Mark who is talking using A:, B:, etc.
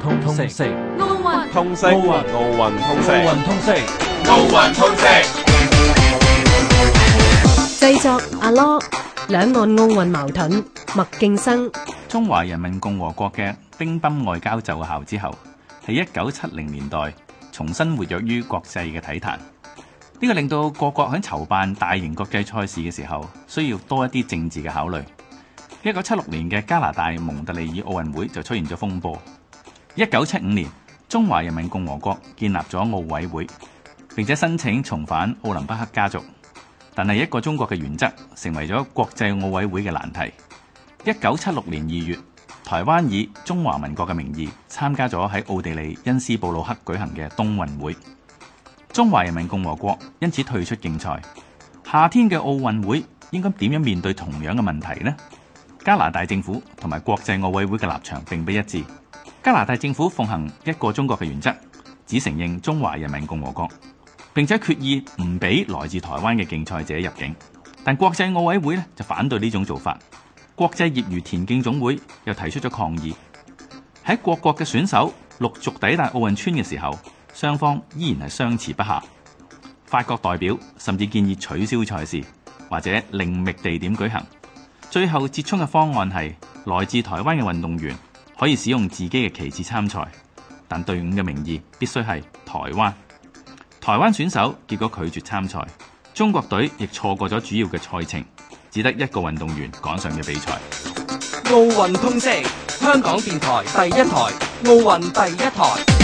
A: 通通食奧運奧運奧運通食奧運通食奧運通食製作阿羅兩岸奧運矛盾麥敬生中華人民共和國嘅乒乓外交奏效之後，喺一九七零年代重新活躍於國際嘅體壇。呢個令到各國喺籌辦大型國際賽事嘅時候，需要多一啲政治嘅考慮。一九七六年嘅加拿大蒙特利爾奧運會就出現咗風波。一九七五年，中華人民共和國建立咗奧委會，並且申請重返奧林匹克家族，但係一個中國嘅原則成為咗國際奧委會嘅難題。一九七六年二月，台灣以中華民國嘅名義參加咗喺奧地利恩斯布魯克舉行嘅冬運會，中華人民共和國因此退出競賽。夏天嘅奧運會應該點樣面對同樣嘅問題呢？加拿大政府同埋國際奧委會嘅立場並不一致。加拿大政府奉行一個中國嘅原則，只承認中華人民共和國，並且決意唔俾來自台灣嘅競賽者入境。但國際奧委會咧就反對呢種做法，國際業餘田徑總會又提出咗抗議。喺各國嘅選手陸續抵達奧運村嘅時候，雙方依然係相持不下。法國代表甚至建議取消賽事或者另覓地點舉行。最後折衷嘅方案係來自台灣嘅運動員。可以使用自己嘅旗幟參賽，但隊伍嘅名義必須係台灣。台灣選手結果拒絕參賽，中國隊亦錯過咗主要嘅賽程，只得一個運動員趕上嘅比賽。奧運通識，香港電台第一台，奧運第一台。